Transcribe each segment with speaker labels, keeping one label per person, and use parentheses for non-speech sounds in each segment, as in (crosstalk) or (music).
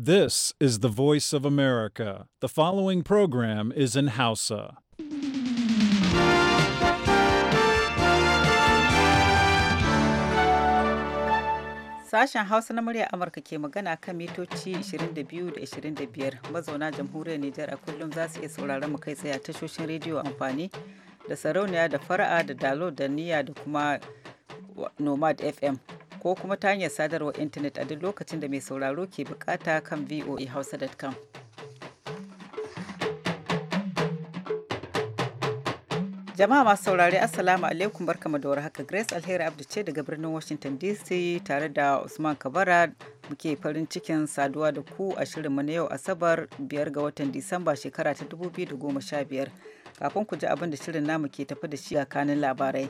Speaker 1: This is the voice of America. The following program is in Hausa. Sashen Hausa na murya Amurka ke magana kan mitoci 22 da 25 mazauna jamhuriyar Nijar a kullum za su iya sauraron mu kai tsaye a tashoshin rediyo amfani da sarauniya da fara'a da dalo da niyya da kuma nomad FM. ko kuma ta hanyar sadarwar intanet a duk lokacin da mai sauraro ke bukata kan voahausa.com. jama'a masu saurari assalamu alaikum barkama da haka grace alheri abdu ce daga birnin washington dc tare da usman kabara muke farin cikin saduwa da ku a shirinmu na yau asabar 5 ga watan disamba shekara ta 2015 kafin ku ji abin da shirin namu ke tafi da shi a kanin labarai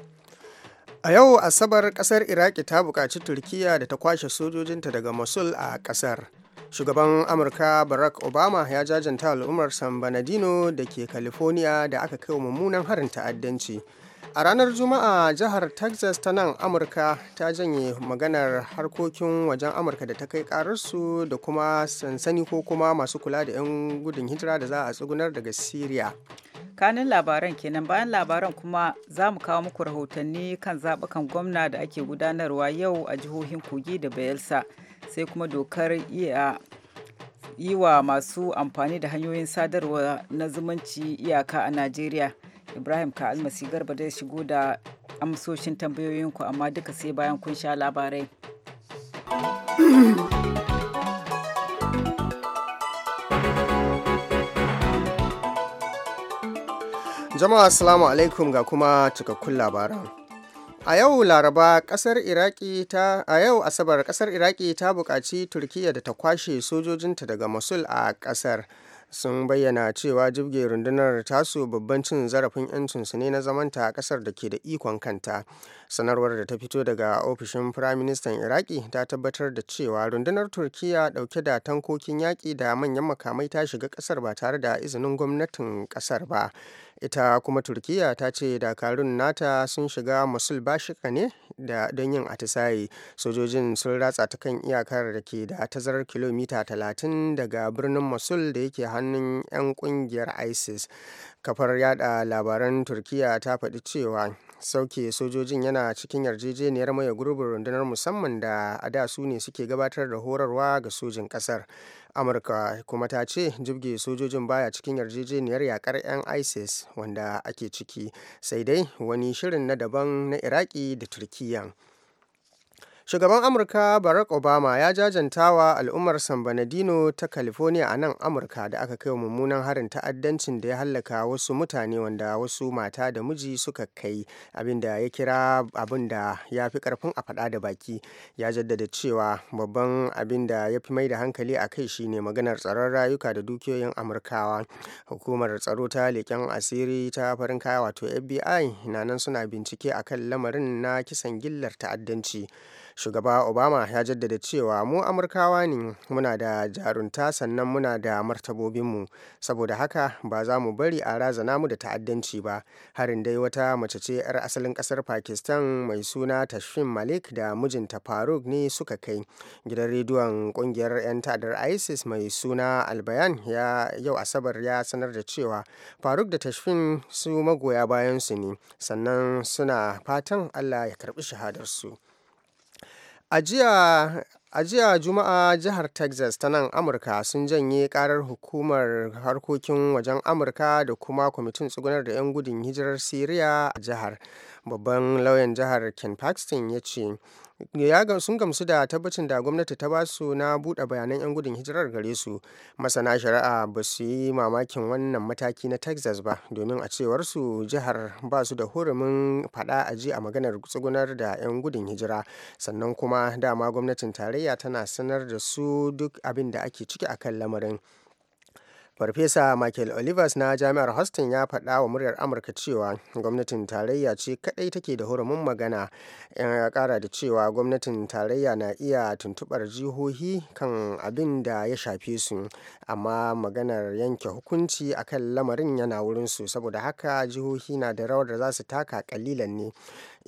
Speaker 2: A yau Asabar kasar Iraki ta buƙaci Turkiyya da ta kwashe sojojinta daga Mosul a kasar. Shugaban Amurka Barack Obama ya jajanta al'ummar San Bernardino da ke California da aka kai wa mummunan harin ta'addanci. a ranar juma'a jihar texas ta nan amurka ta janye maganar harkokin wajen amurka da ta kai kararsu da kuma sansani ko kuma masu kula da 'yan gudun hijira da za a tsugunar daga syria
Speaker 1: kanin labaran kenan bayan labaran kuma za mu kawo muku rahotanni kan zaɓukan gwamna da ake gudanarwa yau a jihohin kogi da bayelsa sai kuma dokar iya yi wa masu amfani da hanyoyin sadarwa na zumunci iyaka a najeriya Ibrahim ka almasi garba da shigo da amsoshin tambayoyinku amma duka sai bayan kun sha labarai.
Speaker 2: Jama'a Assalamu alaikum ga kuma cikakkun labaran. A yau Laraba kasar Iraki ta a yau Asabar kasar Iraki ta buƙaci Turkiyya da ta kwashe sojojinta daga Mosul a kasar. sun bayyana cewa jibge rundunar tasu babban cin zarafin 'yancinsu ne na zamanta a kasar da ke da ikon kanta sanarwar da ta fito daga ofishin firaministan iraki ta tabbatar da cewa rundunar turkiya dauke da tankokin yaƙi da manyan makamai ta shiga kasar ba tare da izinin gwamnatin kasar ba ita kuma turkiya ta ce dakarun nata sun shiga musul bashika ne da don yin atisaye sojojin sun ratsa ta kan iyakar da ke da tazarar kilomita 30 daga birnin musul da yake hannun 'yan kungiyar isis kafar yada labaran turkiya ta faɗi cewa sauke sojojin yana cikin yarjejeniyar maye gurbin rundunar musamman da a da su ne suke gabatar da horarwa ga sojin kasar amurka kuma ta ce jibge sojojin baya cikin yarjejeniyar yakar 'yan isis wanda ake ciki sai dai wani shirin na daban na iraki da turkiyya. Shugaban Amurka Barack Obama ya jajanta wa al'ummar San Bernardino ta California a nan Amurka da aka kai mummunan harin ta'addancin da ya hallaka wasu mutane wanda wasu mata da miji suka kai abinda ya kira abin ya fi karfin a fada da baki. Ya jaddada cewa babban abin da ya fi mai da hankali a kai shine maganar tsaron rayuka da dukiyoyin Amurkawa. Hukumar tsaro ta leƙen asiri ta farin kaya wato FBI na nan suna bincike akan lamarin na kisan gillar ta'addanci. shugaba obama ya jaddada cewa mu amurkawa ne muna da jarunta sannan muna da martabobinmu saboda haka ba za mu bari a razana mu da ta'addanci ba harin dai wata mace ce 'yar asalin kasar pakistan mai suna tashfin malik da mijinta faruk ne suka kai gidan rediyon kungiyar 'yan ta'addar isis mai suna albayan ya yau asabar ya sanar da cewa faruk da tashfin su magoya bayan su ne sannan suna fatan allah ya karbi shahadarsu a jiya juma'a jihar texas ta nan amurka sun janye karar hukumar harkokin wajen amurka da kuma kwamitin tsugunar da 'yan gudun hijirar syria a jihar babban lauyan jihar ken paxton ya ce ya sun gamsu da tabbacin da gwamnati ta ba su na buɗe bayanan 'yan gudun hijirar gare su masana shari'a ba su yi mamakin wannan mataki na texas ba domin a cewar su jihar ba su da hurumin faɗa a ji a maganar tsugunar da 'yan gudun hijira sannan kuma dama gwamnatin tarayya tana sanar da su duk abin da ake ciki a kan lamarin farfesa michael olivers na jami'ar houston ya faɗa wa muryar amurka cewa gwamnatin tarayya ce kadai take da hurumin magana ya kara da cewa gwamnatin tarayya na iya tuntubar jihohi kan abin da ya shafe su amma maganar yanke hukunci a kan lamarin yana wurinsu saboda haka jihohi na da rawar da za su taka kalilan ne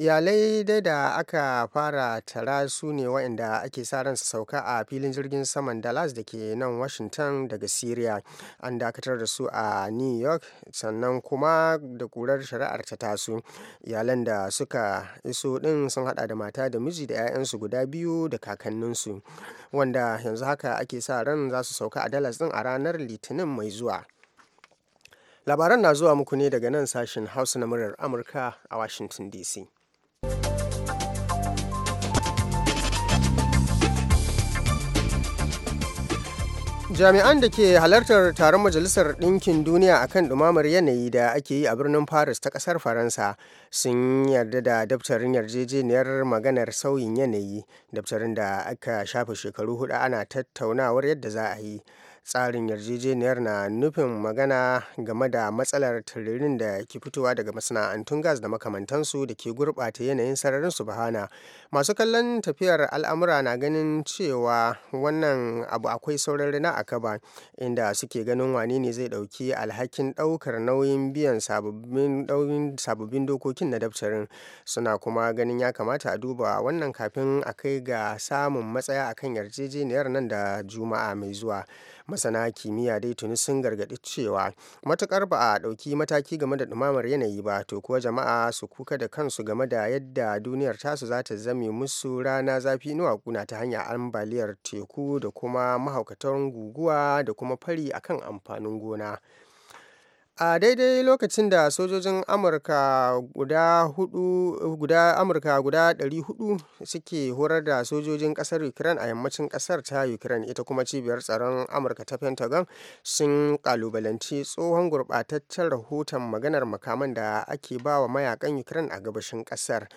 Speaker 2: iyalai dai da aka fara tara su ne waɗanda ake sa ran sauka a filin jirgin saman dallas da ke nan washington daga syria an dakatar da su a new york sannan kuma da kurar shari'ar ta taso iyalan da suka iso ɗin sun hada da mata da miji da 'ya'yansu guda biyu da kakanninsu wanda yanzu haka ake sa ran za su sauka a dallas ɗin a ranar litinin mai zuwa labaran na zuwa muku ne daga nan sashen hausa na muryar amurka a washington dc jami'an da ke halartar taron majalisar ɗinkin duniya a kan ɗumamar yanayi da ake yi a birnin paris ta ƙasar faransa sun yarda da daftarin yarjejeniyar maganar sauyin yanayi daftarin da aka shafe shekaru hudu ana tattaunawar yadda za a yi tsarin yarjejeniyar na nufin magana game da matsalar tiririn da ke fitowa daga masana'antun gas da makamantansu da ke gurɓata yanayin sararin su bahana masu kallon tafiyar al'amura na ganin cewa wannan abu akwai sauran rina a kaba inda suke ganin wani ne zai ɗauki alhakin ɗaukar nauyin biyan sabbin dokokin na daftarin suna kuma ganin ya kamata a duba wannan kafin a kai ga samun matsaya akan yarjejeniyar nan da juma'a mai zuwa masana kimiyya dai tuni sun gargaɗi cewa matukar ba a ɗauki mataki game da ɗumamar yanayi ba to kuwa jama'a su kuka da kansu game da yadda duniyar tasu za ta zame musu rana zafi nuwa kuna ta hanyar ambaliyar teku da kuma mahaukatan guguwa da kuma fari akan amfanin gona a daidai lokacin da sojojin amurka guda hudu guda amurka guda 400 suke horar da sojojin kasar ukraine a yammacin kasar ta ukraine ita kuma cibiyar tsaron amurka ta pentagon sun kalubalanci tsohon gurbataccen rahoton maganar makaman da ake ba wa mayakan ukraine a gabashin kasar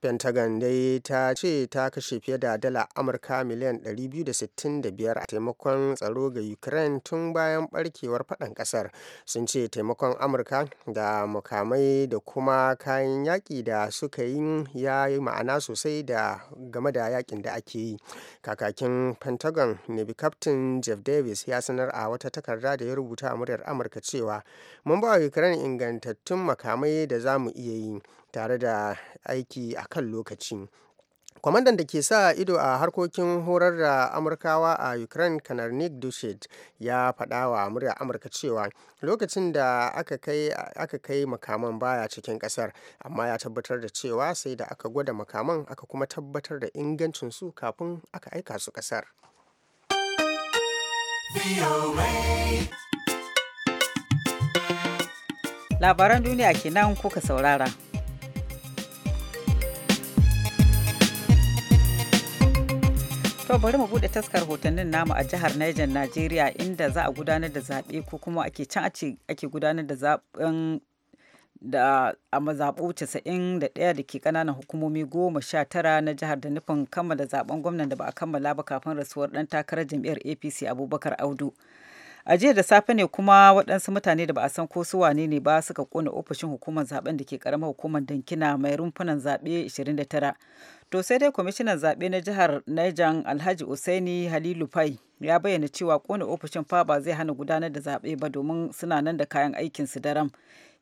Speaker 2: pentagon dai ta ce ta kashe fiye da dala amurka miliyan 265 a taimakon tsaro ga ukraine tun bayan barkewar fadan kasar sun ce taimakon amurka da mukamai da kuma kayan yaƙi da suka yi ya yi ma'ana sosai da game da yakin da ake yi kakakin pentagon navy captain jeff davis ya sanar a wata takarda da ya rubuta a muryar amurka cewa mun ba wa ukraine ingantattun makamai da zamu iya yi tare da aiki a kan lokaci kwamandan da ke sa ido a harkokin horar da amurkawa a ukraine kanar nick dushet ya faɗa wa murya amurka cewa lokacin da aka kai makaman baya cikin ƙasar amma ya tabbatar da cewa sai da aka gwada makaman aka kuma tabbatar da ingancin su kafin aka aika su ƙasar
Speaker 1: labaran duniya kenan kuka saurara To bari mu bude taskar hotonnin namu a jihar Niger Najeriya inda za a gudanar da zaɓe ko kuma ake can ake gudanar da zaɓen da a mazaɓu 91 da ke ƙananan hukumomi goma sha na jihar da nufin kammala zaɓen gwamnan da ba a kammala ba kafin rasuwar ɗan takarar jam'iyyar APC Abubakar Audu. a jiya da safe ne kuma waɗansu mutane da ba a san ko su wane ne ba suka kona ofishin hukumar zaben da ke karamar hukumar dankina mai rumfunan zaɓe 29 To sai dai kwamishinan zaɓe na jihar Niger Alhaji Usaini Halilu Fai ya bayyana cewa kone ofishin fa ba zai hana gudanar da zaɓe ba domin suna nan da kayan aikin su daram.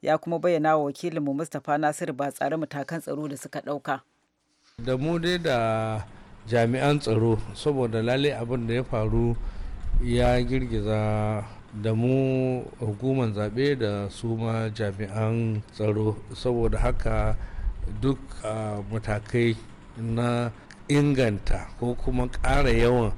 Speaker 1: Ya kuma bayyana wa wakilinmu Mustapha Nasiru ba tsare matakan tsaro da suka ɗauka.
Speaker 3: Da mu dai da jami'an tsaro saboda lalai abin da ya faru ya girgiza da mu hukumar zaɓe da su ma jami'an tsaro saboda haka duk ah, matakai na inganta ko kuma ƙara yawan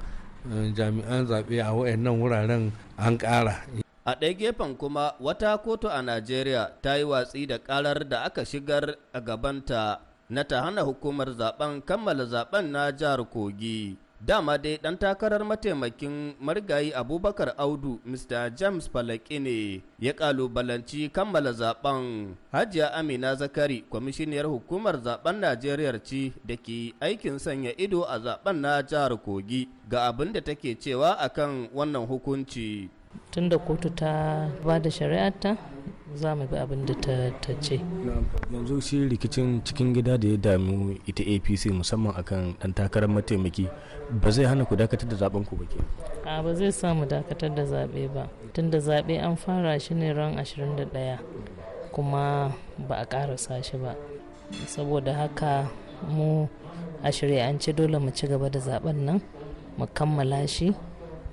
Speaker 3: eh, jami'an zaɓe a wayannan wuraren an ƙara. A ɗaya gefen kuma wata kotu a Najeriya ta yi watsi da ƙarar da aka shigar a gabanta na ta hana hukumar zaben kammala zaben na jihar Kogi. Dama dai ɗan takarar mataimakin marigayi Abubakar Audu, Mr. James Falaki ne ya ƙalubalanci kammala zaben Hajiya Amina Zakari, kwamishiniyar hukumar zaben Najeriya ci da ke aikin sanya ido a zaben na jihar Kogi ga abin da take cewa akan wannan hukunci.
Speaker 1: tunda kotu ta ba da shari'arta za mu bi abin da ta ce
Speaker 3: yanzu shi rikicin cikin gida da ya damu ita apc musamman akan dan takarar mataimaki ba zai hana ku dakatar da zaben ku ba ke
Speaker 1: a ba zai samu dakatar da zaɓe ba tunda zaɓe an fara shi ne ran 21 kuma ba a ƙarasa shi ba saboda haka mu a shirya dole mu ci gaba da zaben nan mu kammala shi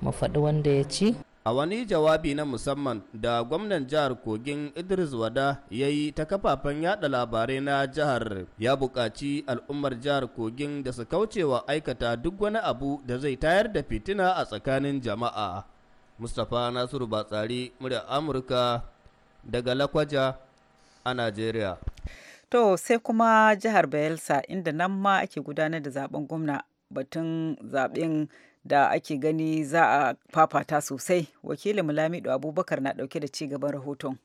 Speaker 1: mu faɗi wanda ya ci
Speaker 3: A wani jawabi na musamman da gwamnan jihar Kogin Idris Wada ya yi ta kafafen yada labarai na jihar ya bukaci al'ummar jihar Kogin da su kaucewa aikata duk wani abu da zai tayar da fitina a tsakanin jama'a. Mustapha Nasiru Batsari, murya Amurka daga Lakwaja a nigeria.
Speaker 1: To sai kuma jihar Bayelsa inda nan ma ake gudanar da zaben gwamna batun zaben da ake gani za a fafata sosai wakilin mulamido abubakar na dauke da ci gaban rahoton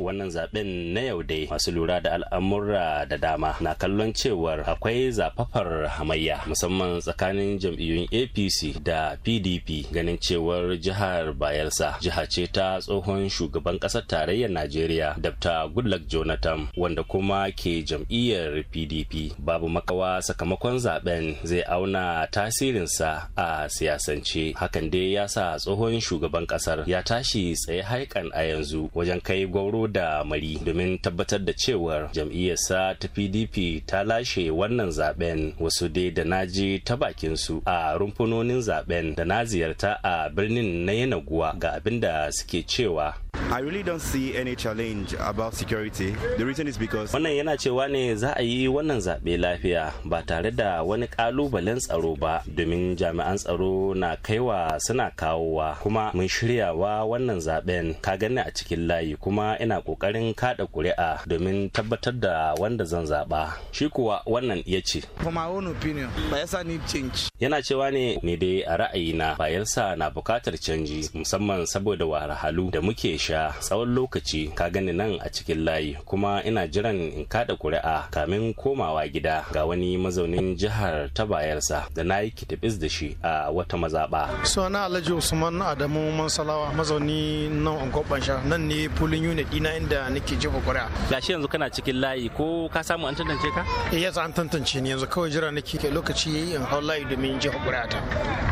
Speaker 4: wannan zaben na yau dai masu lura da al'amura da dama na kallon cewar akwai zafafar hamayya musamman tsakanin jam'iyyun apc da pdp ganin cewar jihar bayelsa jiha ce ta tsohon shugaban ƙasar tarayyar najeriya Dabta goodluck jonathan wanda kuma ke jam'iyyar pdp babu makawa sakamakon zaben zai auna tasirinsa a siyasance hakan dai ya sa tsohon shugaban ƙasar ya tashi tsaye haikan a yanzu wajen kai gwauro da Mari domin tabbatar da cewar jam'iyyarsa ta PDP ta lashe wannan zaben wasu dai da naji ta bakin su a rumfunonin zaben da na ziyarta a birnin na Yanaguwa ga abin da suke cewa I really don't see any challenge about security. The reason is because wannan yana cewa ne za a yi wannan zaɓe lafiya ba tare da wani ƙalubalen tsaro ba domin jami'an tsaro na kaiwa suna kawowa kuma mun shiryawa wannan zaɓen ka gani a cikin layi kuma ina ƙoƙarin kaɗa ƙuri'a domin tabbatar da wanda zan zaɓa. Shi kuwa wannan ya ce. For my own opinion, Bayelsa need change. Yana cewa ne ni dai a ra'ayina Bayelsa na buƙatar canji musamman saboda wahalhalu da muke sha tsawon lokaci ka gani nan a cikin layi kuma ina jiran in kada kuri'a kamin komawa gida ga wani mazaunin jihar ta bayarsa da na yi kitabis da shi a wata mazaɓa.
Speaker 5: suna alhaji usman
Speaker 6: adamu mansalawa mazauni nan unguwar sha nan ne pulin unit dina inda nake jefa kuri'a.
Speaker 4: gashi yanzu kana cikin layi ko ka samu an tantance ka?
Speaker 6: eh yanzu an tantance ni yanzu kawai jira nake lokaci yi in hau layi domin jefa kuri'a ta.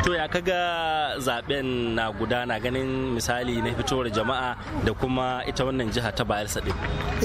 Speaker 4: to ya kaga zaben na gudana ganin misali na fitowar jama'a da kuma ita wannan jiha ta bayelsa din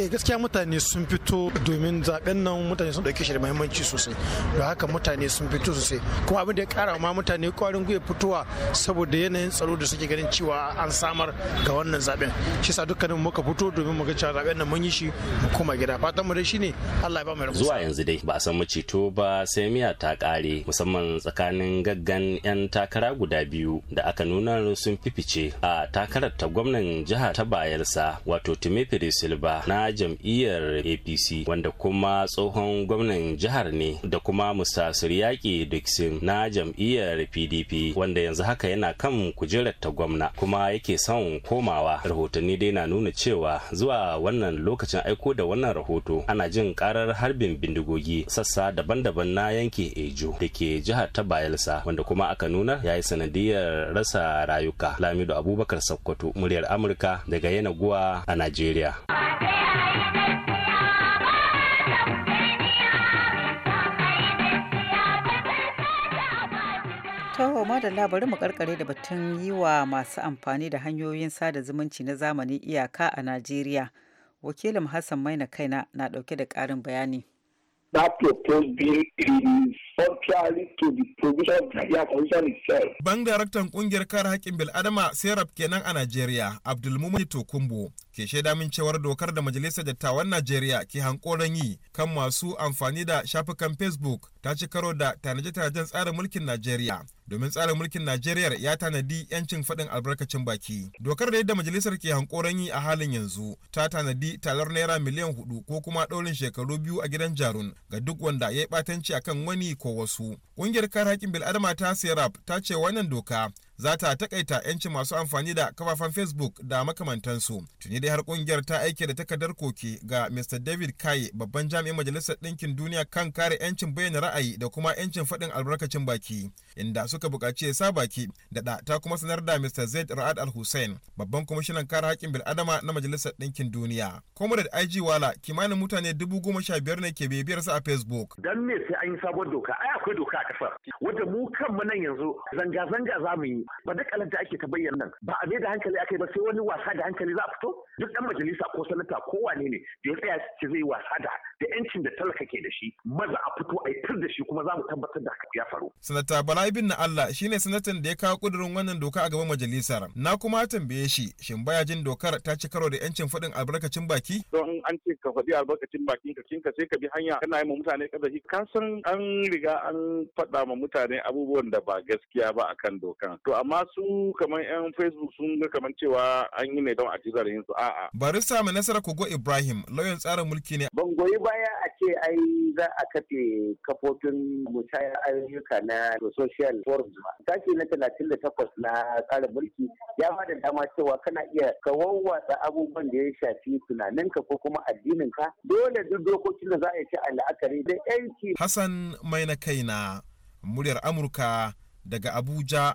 Speaker 6: eh gaskiya mutane sun fito domin zaben nan mutane sun dauke shi da muhimmanci sosai da haka mutane sun fito sosai kuma abin da ya kara ma mutane kwarin gwiwa fitowa saboda yanayin tsaro da suke ganin cewa an samar ga wannan zaben shi sa dukkanin muka fito domin mu ga cewa zaben nan mun yi shi mu koma gida fatan mu dai shine Allah ya ba mu rabu zuwa
Speaker 4: yanzu dai ba a san maceto ba sai miya ta kare musamman tsakanin gaggan yan takara guda biyu da aka nuna sun fifice a takarar ta gwamnan jiha ta bayarsa wato timothy silva na jam'iyyar apc wanda kuma tsohon gwamnan jihar ne da kuma musa yaƙi dixon na jam'iyyar pdp wanda yanzu haka yana kan kujerar ta gwamna kuma yake son komawa rahotanni dai na nuna cewa zuwa wannan lokacin aiko da wannan rahoto ana jin karar harbin bindigogi sassa daban-daban na yanke ejo da ke jihar ta bayelsa wanda kuma aka nuna ya yi sanadiyar rasa rayuka lamido abubakar sakkwato muryar amurka daga Yanaguwa a Najeriya.
Speaker 1: Taho madalla bari mu karkare da batun yi wa masu amfani da hanyoyin sada zumunci na zamani iyaka a Najeriya. Wakilin Hassan Maina kaina na ɗauke da ƙarin bayani.
Speaker 6: that proposed bill is contrary to the provision of Nigeria Constitution itself. Director daraktan kungiyar kare haƙƙin bil'adama Serap kenan a Najeriya, Abdulmumin Tokumbo, ke shaida min cewar dokar da Majalisar Dattawan Najeriya ke hankoron yi kan masu amfani da shafukan Facebook ta ci karo da tanaje-tanajen tsarin mulkin Najeriya. domin tsarin mulkin Najeriya ya tanadi 'yancin faɗin albarkacin baki. Dokar da yadda majalisar ke hankoron yi a halin yanzu ta tanadi talar naira miliyan hudu ko kuma ɗaurin shekaru biyu a gidan jarun ga duk wanda ya yi ɓatanci akan wani ko wasu. Ƙungiyar kare haƙƙin bil'adama ta Serap ta ce wannan doka za ta takaita 'yancin masu amfani da kafafen facebook da makamantansu tuni dai har kungiyar ta aike da takardar koke ga mr david kai babban jami'in majalisar ɗinkin duniya kan kare 'yancin bayyana ra'ayi da kuma 'yancin faɗin albarkacin baki inda suka buƙaci ya sa baki da ta kuma sanar da mr zaid ra'ad al hussein babban kwamishinan kare haƙƙin bil'adama na majalisar ɗinkin duniya comrade ig wala kimanin mutane dubu goma sha biyar ne ke bibiyar sa a facebook
Speaker 7: dan me sai an yi sabon doka ai akwai doka a kasar wanda mu kanmu nan yanzu zanga-zanga za mu yi ba da kalanta ake ta bayyana nan ba a mai da hankali akai ba sai wani wasa da hankali za a fito duk dan majalisa ko sanata ko wane ne da ya tsaya ce zai wasa da da yancin da talaka ke da shi maza a fito a tar da shi kuma za mu tabbatar da haka ya faru.
Speaker 6: Sanata Bala na Allah shine sanatan da ya kawo kudurin wannan doka a gaban majalisar. Na kuma tambaye shi shin baya jin dokar ta ci karo da yancin faɗin albarkacin baki? Don an ce ka faɗi albarkacin bakin ka cinka sai ka bi hanya kana yi mutane ƙarfi ka san an riga an faɗa ma mutane abubuwan da ba gaskiya ba akan dokan. To amma su kamar yan facebook sun ga kamar cewa an yi ne don a ci yin su a'a bari mai nasara kogo ibrahim lauyan tsarin mulki ne ban goyi baya a ce ai za a kafe kafofin
Speaker 7: musayar ayyuka na social forums ba sashi na talatin da takwas na tsarin mulki ya ba da dama cewa kana iya ka wawwatsa abubuwan da ya shafi tunaninka ko kuma addininka dole duk dokokin da za a ci a la'akari da yanki
Speaker 6: hassan mai na kaina muryar amurka daga abuja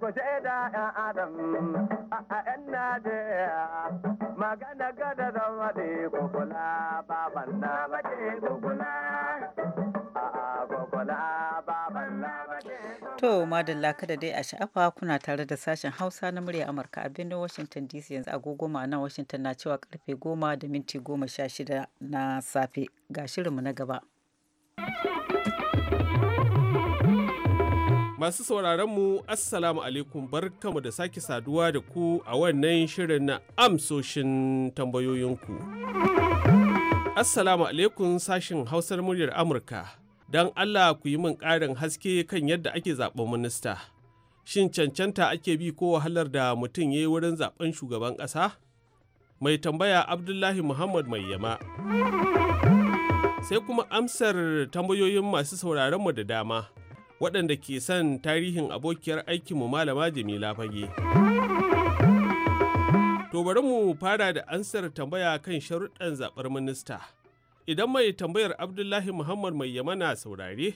Speaker 7: ku shaida ‘yan adam a magana
Speaker 1: To madalla kada dai a sha'afa kuna tare da sashen Hausa na murya Amurka a birnin Washington DC yanzu agogo ma'ana Washington na cewa karfe goma da minti goma sha shida na safe ga shirinmu na gaba.
Speaker 8: Masu mu Assalamu alaikum barkamu da sake saduwa da ku a wannan shirin na amsoshin tambayoyinku. Assalamu alaikum sashin Hausar muryar Amurka. Don Allah ku yi min ƙarin haske kan yadda ake zaɓen minista. Shin cancanta ake bi ko wahalar da mutum ya yi wurin zaɓen shugaban ƙasa? Mai tambaya Abdullahi Muhammad Mai Yama. Sai kuma amsar tambayoyin masu sauraronmu da dama. waɗanda ke son tarihin abokiyar aikinmu malama Jamila Fage. To bari mu fara da ansar tambaya kan sharuɗan zaɓar minista. Idan mai tambayar Abdullahi Muhammad mai yamana saurare,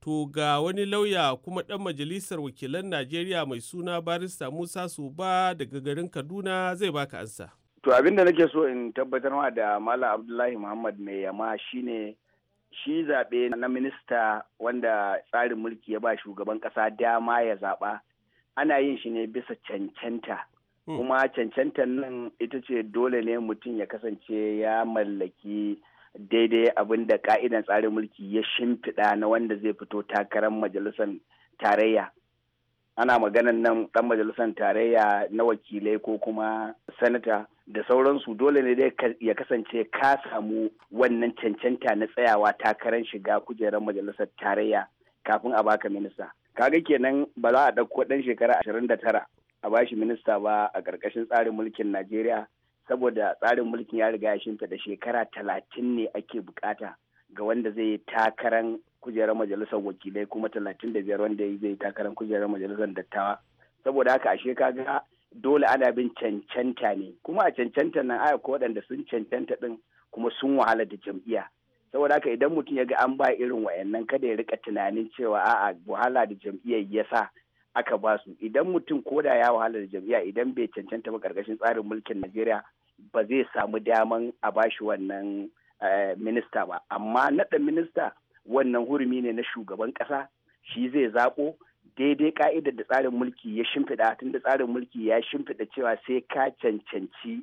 Speaker 8: to ga wani lauya kuma ɗan majalisar wakilan Najeriya mai suna barista Musa Suba daga garin Kaduna zai baka ansa.
Speaker 7: To abin da nake so in tabbatar da Malam Abdullahi Muhammad mai yama shine shi zaɓe na minista wanda tsarin mulki ya ba shugaban ƙasa dama ya zaɓa ana yin shi ne bisa cancanta hmm. kuma cancantar nan ita ce dole ne mutum ya kasance ya mallaki daidai abin da ka'idan tsarin mulki ya shimfiɗa na wanda zai fito takarar majalisar tarayya ana maganan nan ɗan majalisar tarayya na wakilai ko kuma sanata da sauransu dole ne dai ya kasance ka samu wannan cancanta na tsayawa takarar shiga kujerar majalisar tarayya kafin a baka minista kaga kenan ba za a ɗauko ɗan shekara ashirin da tara a bashi minista ba a ƙarƙashin tsarin mulkin najeriya saboda tsarin mulkin ya riga ya shinta da shekara talatin ne ake bukata ga wanda zai yi takarar kujerar majalisar wakilai kuma talatin da biyar wanda zai yi takarar kujerar majalisar dattawa saboda haka ashe kaga dole ana bin cancanta ne kuma a cancanta nan aya ko waɗanda sun cancanta ɗin kuma sun wahala da jam'iyya saboda haka idan mutum ya ga an ba irin wayannan kada ya rika tunanin cewa a'a wahala da jam'iyyar ya sa aka ba su idan mutum ko da ya wahala da jam'iyya idan bai cancanta ba karkashin tsarin mulkin Najeriya ba zai samu daman a bashi wannan eh, minista ba amma naɗa minista wannan hurumi ne na shugaban ƙasa shi zai zaɓo daidai ka'idar da tsarin mulki ya shimfiɗa tun da tsarin mulki ya shimfiɗa cewa sai ka cancanci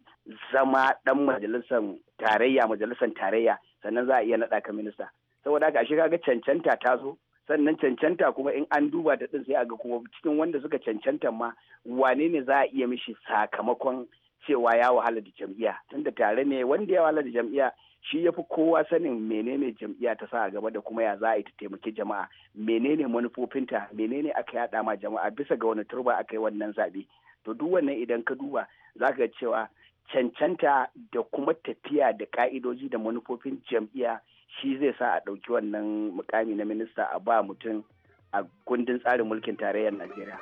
Speaker 7: zama ɗan majalisar tarayya majalisar tarayya sannan za a iya naɗa ka minista saboda haka ashe kaga cancanta ta zo sannan cancanta kuma in an duba ta din sai a ga kuma cikin wanda suka cancanta ma wane ne za a iya mishi sakamakon cewa ya wahala da jam'iyya tunda tare ne wanda ya wahala da jam'iyya shi ya fi kowa sanin menene jam'iyya ta sa a gaba da kuma ya za a yi ta taimaki jama'a menene manufofinta menene aka yaɗa ma jama'a bisa ga wani turba aka yi wannan zaɓe to duk wannan idan ka duba za ka cewa cancanta da kuma tafiya da ka'idoji da manufofin jam'iyya shi zai sa a ɗauki wannan mukami na minista a ba mutum a kundin tsarin mulkin tarayyar najeriya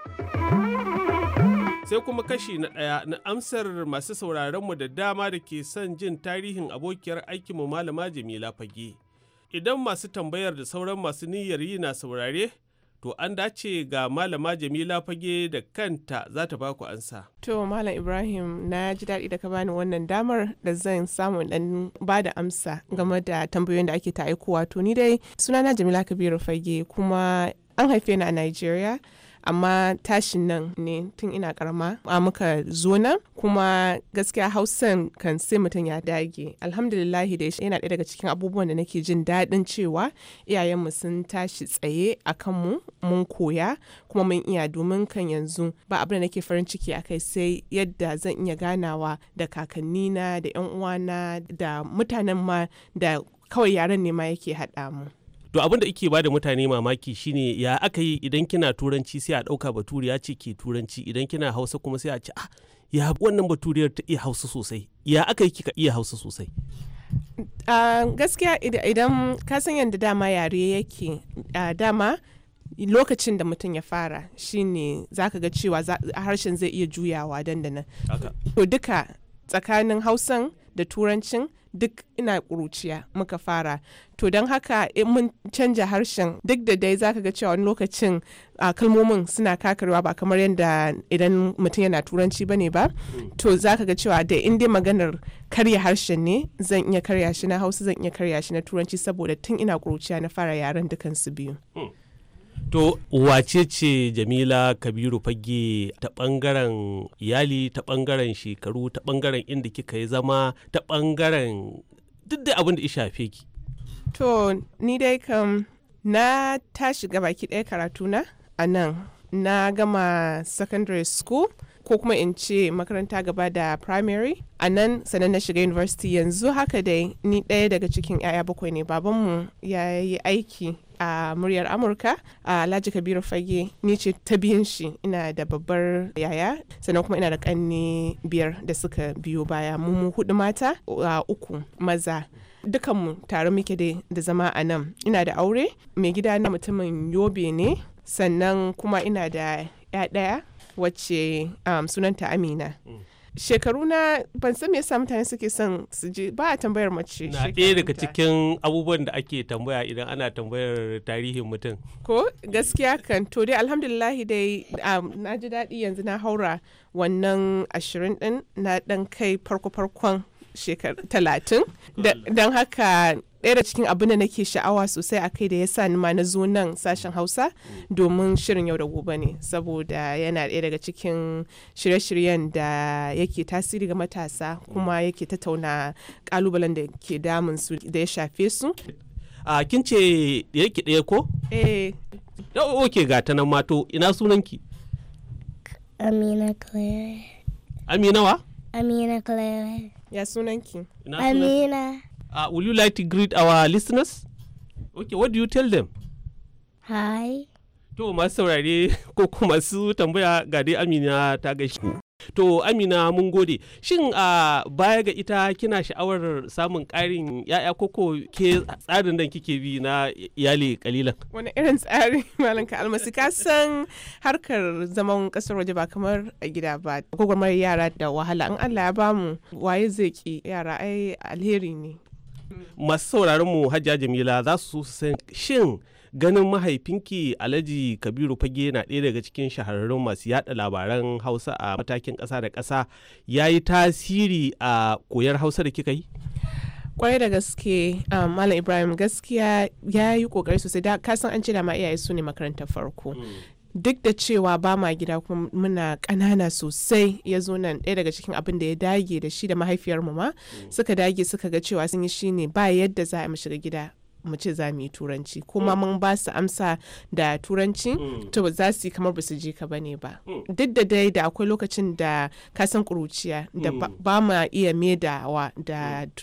Speaker 8: sai kuma kashi na ɗaya na amsar masu sauraronmu da dama da ke son jin tarihin abokiyar aikinmu malama Jamila Fage. Idan masu tambayar da sauran masu niyyar yi na saurare, to an dace ga malama Jamila Fage da kanta za ta baku ansa.
Speaker 5: To Malam Ibrahim na ji daɗi da ka bani wannan damar da zan samu dan ba da amsa game da tambayoyin da ake ta aikowa. To ni dai sunana Jamila Kabiru Fage kuma an haife ni a Nigeria. amma tashin nan ne tun ina karama a muka zo nan kuma gaskiya hausan kan sai mutum ya dage alhamdulillahi da yana ɗaya daga cikin abubuwan da nake jin daɗin cewa iyayenmu sun tashi tsaye a kanmu mun koya kuma mun iya domin kan yanzu ba abin da nake farin ciki a kai sai yadda zan iya ganawa da kakannina da 'yan uwana da mutanen ma da kawai yaren ne ma yake haɗa mu.
Speaker 8: to abin da ike bada mutane mamaki shine ya aka yi idan kina turanci sai a ɗauka baturi ya ce ke turanci idan kina hausa kuma sai a ce ah ya wannan baturiyar ta iya hausa sosai ya aka yi kika iya hausa sosai
Speaker 5: gaskiya idan ka san yadda dama yare yake dama lokacin da mutum ya fara shine zaka ga cewa harshen zai iya juyawa dandana to duka tsakanin hausan da turancin duk ina kuruciya muka fara to don haka in mun canja harshen duk da dai zaka ga cewa wani lokacin kalmomin suna kakarwa ba kamar yadda idan mutum yana turanci ba ne ba to zaka ga cewa da in dai maganar karya harshen ne zan iya karya shi na hausa zan iya karya shi na turanci saboda tun ina kuruciya na fara yaren dukansu biyu. Hmm.
Speaker 8: To wace ce Jamila Kabiru fage ta ɓangaren iyali ta ɓangaren shekaru ta ɓangaren inda kika yi zama ta ɓangaren duk da abin da ya shafe ki.
Speaker 5: To ni dai kam na tashi ga baki ɗaya karatuna a nan na gama secondary school ko kuma in ce makaranta gaba da primary a nan sannan na shiga university yanzu haka dai ni ɗaya daga cikin 'ya'ya bakwai ne babanmu ya yi aiki a muryar amurka a alhaji kabiru fage ni ce ta biyan shi ina da babbar yaya sannan kuma ina da kanne biyar da suka biyo baya mu hudu mata uku maza dukanmu tare muke da zama a nan ina da aure mai gida na mutumin yobe ne sannan kuma ina da ya ɗaya wacce um, sunanta amina mm. shekaru na ban san me yasa mutane suke son su je ba a tambayar mace na
Speaker 8: ɗaya daga cikin abubuwan da ake tambaya idan ana tambayar tarihin mutum
Speaker 5: ko gaskiya kan to dai alhamdulillah dai na ji daɗi yanzu na haura wannan ashirin ɗin na ɗan kai farko-farkon talatin don haka ɗaya da cikin abin da nake sha'awa sosai a kai da ya sa ni ma na zo nan sashen hausa domin shirin yau da gobe ne saboda yana ɗaya daga cikin shirye-shiryen da yake tasiri ga matasa kuma yake tattauna kalubalen da ke damun su da ya shafe su
Speaker 8: a kin ce yake ɗaya ko eh oke ga ta nan mato ina sunanki
Speaker 5: amina claire amina wa amina claire ya sunanki
Speaker 8: amina Uh, will you like to greet our listeners? Okay, what do you tell them?
Speaker 5: Hi. To
Speaker 8: masu saurare (laughs) ko kuma su tambaya ga dai Amina ta gaishe To Amina mun gode. Shin a uh, baya ga ita kina sha'awar samun ƙarin ya'ya koko ke tsarin dan kike bi na iyali kalilan?
Speaker 5: Wani irin tsari (laughs) malam ka almasi ka san harkar zaman kasar waje ba kamar a gida ba. Ko gwamnati yara da wahala in Allah ya bamu waye zai ki yara ai alheri ne. masu
Speaker 8: sauraron mu Hajiya jamila za su san shin ganin mahaifinki alhaji kabiru fage na ɗaya daga cikin shahararrun masu yada labaran hausa a matakin ƙasa da ƙasa ya yi tasiri a koyar hausa da kika yi
Speaker 5: kwarai da gaske um, malam ibrahim gaskiya ya yi kokari sosai da kasan an ce da ma iyaye su ne makarantar farko mm. duk da cewa ba ma gida kuma muna kanana sosai ya zo nan ɗaya daga cikin abin da ya dage da shi da mahaifiyarmu ma mm. suka dage suka ga cewa sun yi shine ba yadda za a mu shiga gida mu ce za mu yi turanci kuma hmm. mun ba su amsa da turanci hmm. to za su yi kamar ba su ji ka bane ba hmm. duk da dai da akwai lokacin da ka san kuruciya da ba ma iya me da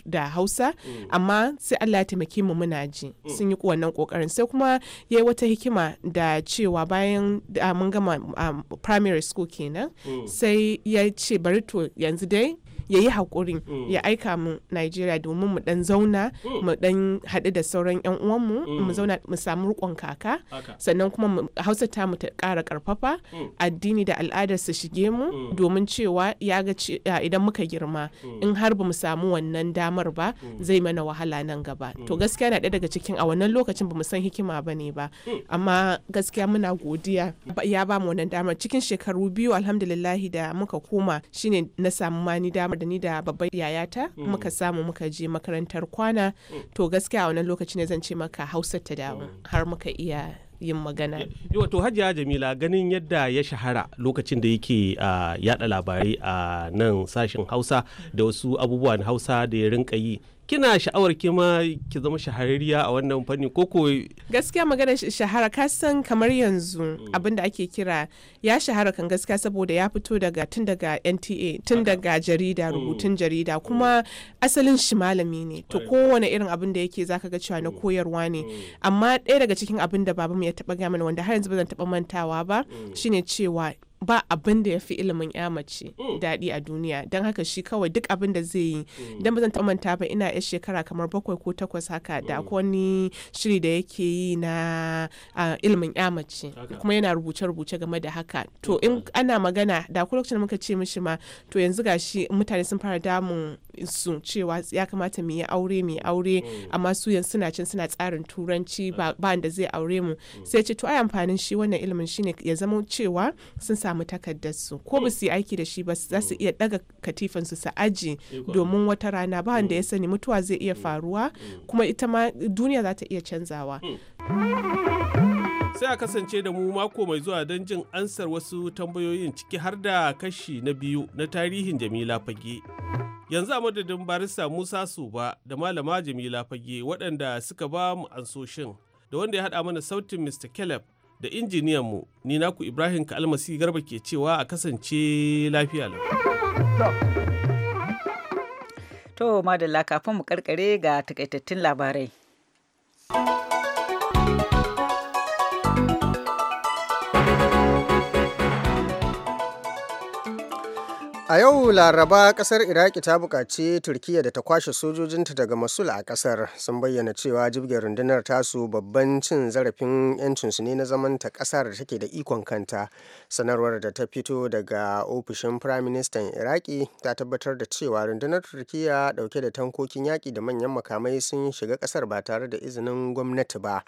Speaker 5: da Hausa amma sai Allah ya taimake mu muna ji sun yi wannan kokarin sai kuma yayi wata hikima da cewa bayan mun gama um, primary school kenan sai ya ce bari to yanzu dai ya yi haƙuri mm. ya aika mu Najeriya domin mu dan zauna mm. mu dan haɗu da sauran 'yan uwanmu mm. mu zauna mu samu riƙon kaka sannan kuma hausa ta mu ta ƙara ƙarfafa addini da al'adar su shige mu domin cewa ya ga idan muka girma in har ba mu samu wannan damar ba zai mana wahala nan gaba to gaskiya na ɗaya daga cikin a wannan lokacin ba mu san hikima ba ne ba amma gaskiya muna godiya ya ba mu wannan damar cikin shekaru biyu alhamdulillahi da muka koma shine na samu mani damar firamare da ni da babban yayata mm. muka samu muka je makarantar kwana mm. to gaskiya a wannan lokaci ne zan ce maka hausa ta dawo mm. har muka iya yin magana. to Hajiya
Speaker 8: Jamila ganin yadda ya shahara lokacin da yake ah, yada labarai a nan sashen Hausa da wasu abubuwan Hausa da ya rinka yi kina sha'awar ke ma ki zama shahararriya a wannan fanni ko ko
Speaker 5: gaskiya magana shahara ka san kamar yanzu mm. abin da ake kira ya shahara kan gaskiya saboda ya fito daga tun daga NTA tun daga jarida mm. rubutun jarida mm. kuma asalin shi malami ne to kowane irin abin da yake zaka ga cewa na koyarwa ne amma ɗaya daga cikin abin da babamu ya taba gaya mana wanda har yanzu ba zan taba mantawa ba shine cewa ba abin da ya fi ilimin ya mace mm. daɗi a duniya don haka shi kawai duk abin da zai yi mm. don bazan zan taɓa manta ba ina yar shekara kamar bakwai ko takwas haka da mm. wani shiri da yake yi na ilimin ya mace kuma yana rubuce-rubuce game da haka to in ana magana da ku lokacin muka ce mishi ma to yanzu gashi mutane sun fara damun su cewa ya kamata mu yi aure mu aure amma su yanzu suna cin suna tsarin turanci ba da zai aure mu sai ce to ai amfanin shi wannan ilimin shine ya zama cewa sun samu samu takardar su ko ba su yi aiki da shi ba za su iya daga katifan su aji eh, domin wata rana ba wanda ya sani mutuwa zai iya faruwa kuma ita ma duniya za ta iya canzawa. Hmm.
Speaker 8: sai a kasance da mu mako mai zuwa don jin ansar wasu tambayoyin ciki har da kashi na biyu na tarihin jamila fage yanzu a madadin barista musa suba da malama jamila fage waɗanda suka ba mu ansoshin da wanda ya haɗa mana sautin mr caleb da injiniyanmu ni naku Ibrahim Kalmasi Garba ke cewa a kasance lafiya
Speaker 1: To madalla kafin mu karkare ga takaitattun labarai.
Speaker 2: A yau Laraba kasar Iraki ta bukaci Turkiyya da ta kwashe sojojinta daga masul a kasar sun bayyana cewa jibgin rundunar tasu babban cin zarafin 'yancinsu ne na zaman ta ƙasa da take da ikon kanta. Sanarwar da ta fito daga ofishin Firaministan Iraki ta tabbatar da cewa rundunar Turkiyya dauke da tankokin yaƙi da manyan makamai sun shiga kasar ba tare da izinin gwamnati ba.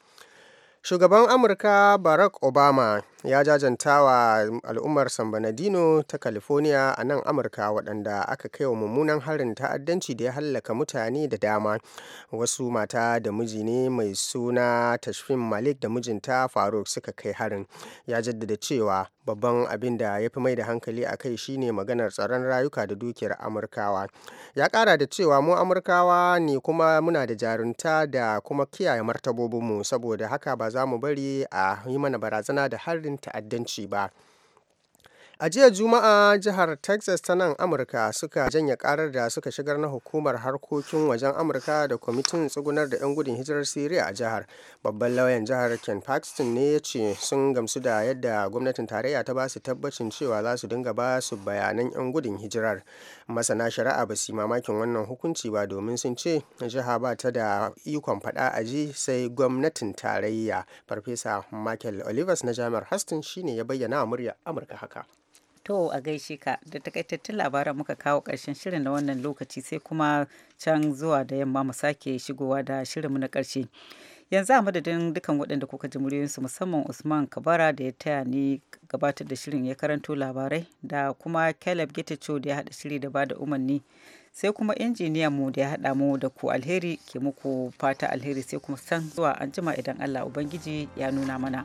Speaker 2: Shugaban Amurka Barack Obama ya jajanta wa al'ummar san Bernardino ta California a nan Amurka waɗanda aka kai wa mummunan harin ta'addanci da ya hallaka mutane da dama. Wasu mata da miji ne mai suna Tashfin Malik da mijinta Faruk suka kai harin. Ya jaddada cewa babban abin da ya fi mai da hankali a kai shine maganar tsaron rayuka da dukiyar Amurkawa. Ya kara da cewa mu Amurkawa ne kuma muna da jarunta da kuma kiyaye martabobinmu saboda haka ba za mu bari a yi mana barazana da harin ta'addanci ba a jiya juma'a jihar texas ta nan amurka suka janye karar da suka shigar na hukumar harkokin wajen amurka da kwamitin tsugunar da 'yan gudun hijirar siriya a jihar babban lauyan jihar ken paxton ne ya ce sun gamsu da yadda gwamnatin tarayya ta basu tabbacin cewa za su dinga ba su bayanan 'yan gudun hijirar masana shari'a ba su mamakin wannan hukunci ba domin sun ce jiha ba ta da ikon faɗa a ji sai gwamnatin tarayya farfesa michael olivers na jami'ar huston shine ya bayyana murya amurka haka
Speaker 1: To a gaishe ka da takaitattun labaran muka kawo ƙarshen shirin na wannan lokaci sai kuma can zuwa da yamma mu sake shigowa da shirinmu na ƙarshe. Yanzu a madadin dukan waɗanda kuka ji muryoyinsu musamman Usman Kabara da ya taya ni gabatar da shirin ya karanto labarai da kuma Caleb Getacho da ya haɗa shiri da bada umarni sai kuma injiniyan mu da ya haɗa mu da ku alheri ke muku fata alheri sai kuma san zuwa an jima idan Allah Ubangiji ya nuna mana.